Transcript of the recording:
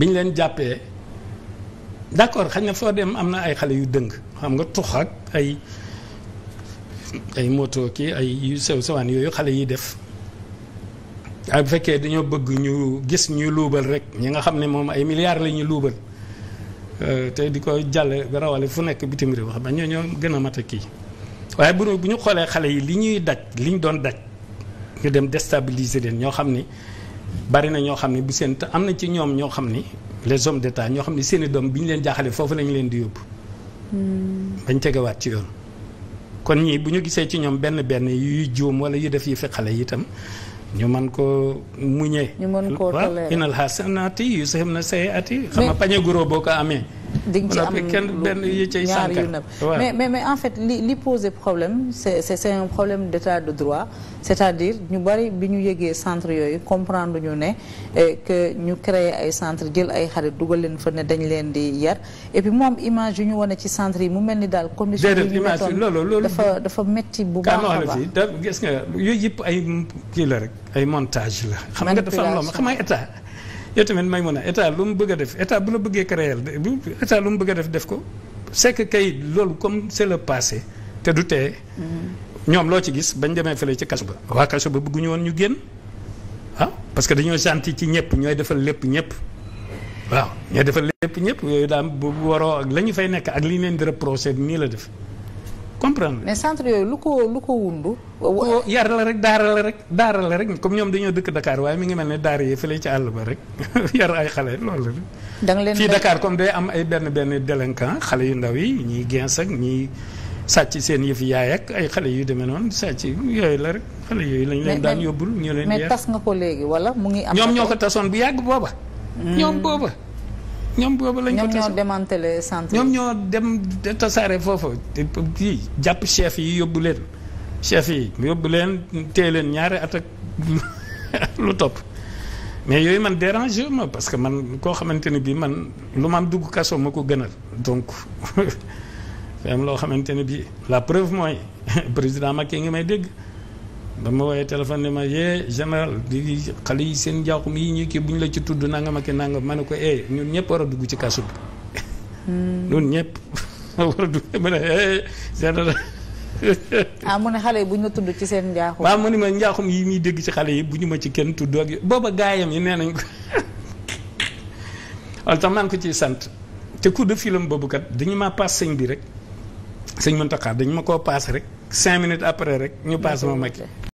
biñ leen jàppee d'accord xañ na foo dem am na ay xale yu dëng xam nga tux ak ay ay moto kii ay yu sew sewaan yooyu xale yi def waaye fekkee dañoo bëgg ñu gis ñuy luubal rek ñi nga xam ne moom ay milliards la ñu luubal euh, te di ko jàll rawale fu nekk bitim réew xam ne ñoo gën a mat a kii waaye bu bu ñu xoolee xale yi li ñuy daj li ñu doon daj ñu dem déstabiliser leen ñoo xam ni bari na ñoo xam ne bu seen te am na ci ñoom ñoo xam ni les hommes d'état ñoo xam ne seen i doom bi ñu leen jaaxalee foofu lañu leen di yóbbu. Hmm. bañ tegewaat ci yoon. kon ñii bu ñu gisee ci ñoom benn benn yuy juum wala yu def yi fi xale yi itam ñu mën ko muñee. ñu mën koo toléré waaw inal xasanaati yusibna sayyiati. xam nga pañe guro boo ko amee. di nga ci am kenn benn yu cay sànq mais mais mais en fait li li problème c'est un problème d'état de droit c'est-à-dire ñu bari bi ñu yëgee centre yooyu comprendre ñu ne eh, que ñu créer ay centre jël ay xarit dugal leen fa ne dañ leen di yar et moom image yu ñu wane ci centre yi mu mel ni daal condition yi ñu mettoon dafa metti bu baax a baax yooyu yëpp ay kii rek ay montage la xam nga état yow tamit may mun a état lu mu bëgg a def état bu la bëggee créer état lu mu bëgg a def def ko c'est que kay loolu comme c'est le passé te du tee mm-hmm. ñoom loo ci gis bañ demee fële ci kaso ba waa kaso ba bëgguñu woon ñu génn ah parce que dañoo gentil ci ñëpp ñooy defal lépp ñëpp waaw ñooy defal lépp ñëpp yooyu daam bu waroo ak la ñu fay nekk ak li ñu leen di reprocher nii la def comprendre mais centre yooyu lu ko lu ko wundu. Oh, yar la rek daara la rek daara la rek comme ñoom dañoo dëkk Dakar waaye mi ngi mel ne daara yi lay ci àll ba rek yar ay xale loolu la. da fii Dakar comme day am ay benn benn délinquant xale yu ndaw yi ñiy gens ak ñiy sàcc seen yëf yaay ak ay xale yu demee noonu sàcc yooyu la rek xale yooyu lañ leen daan yóbbul. ñu leen yar mais tas nga ko léegi wala mu ngi am. ñoom ñoo ko tasoon bu yàgg booba. ñoom hmm. booba. ñoom boobu lañ ko ñoom ñoo démantelé centre ñoo dem tasaare foofu kii jàpp chef yi yóbbu leen chef yi yóbbu leen téye leen ñaari at ak lu topp mais yooyu man dérange ma parce que man koo xamante ni bii man lu ma dugg kaso ma ko gënal donc am loo xamante ne bii la preuve mooy président Macky ngi may dégg dama woowee téléphone ne ma yee général di xale yi seen njaaxum yi ñu kii bu ñu la ci tudd nangam ak nangam ma ne ko eh ñun ñëpp war a dugg ci kaso bi. Hmm. ñun a ma eh, ah, ne xale yi bu ñu la tudd ci seen njaaxum. waaw mu ne ma njaaxum dégg ci xale yi bu ñu ma ci kenn tudd ak booba gaayam yi nee nañ ko. wala tax maa ko ci sant te coup de film boobu kat dañu maa paas sëñ bi rek sëñ Mountakha dañu ma ko paas rek cinq minutes après rek ñu paas ma Macky.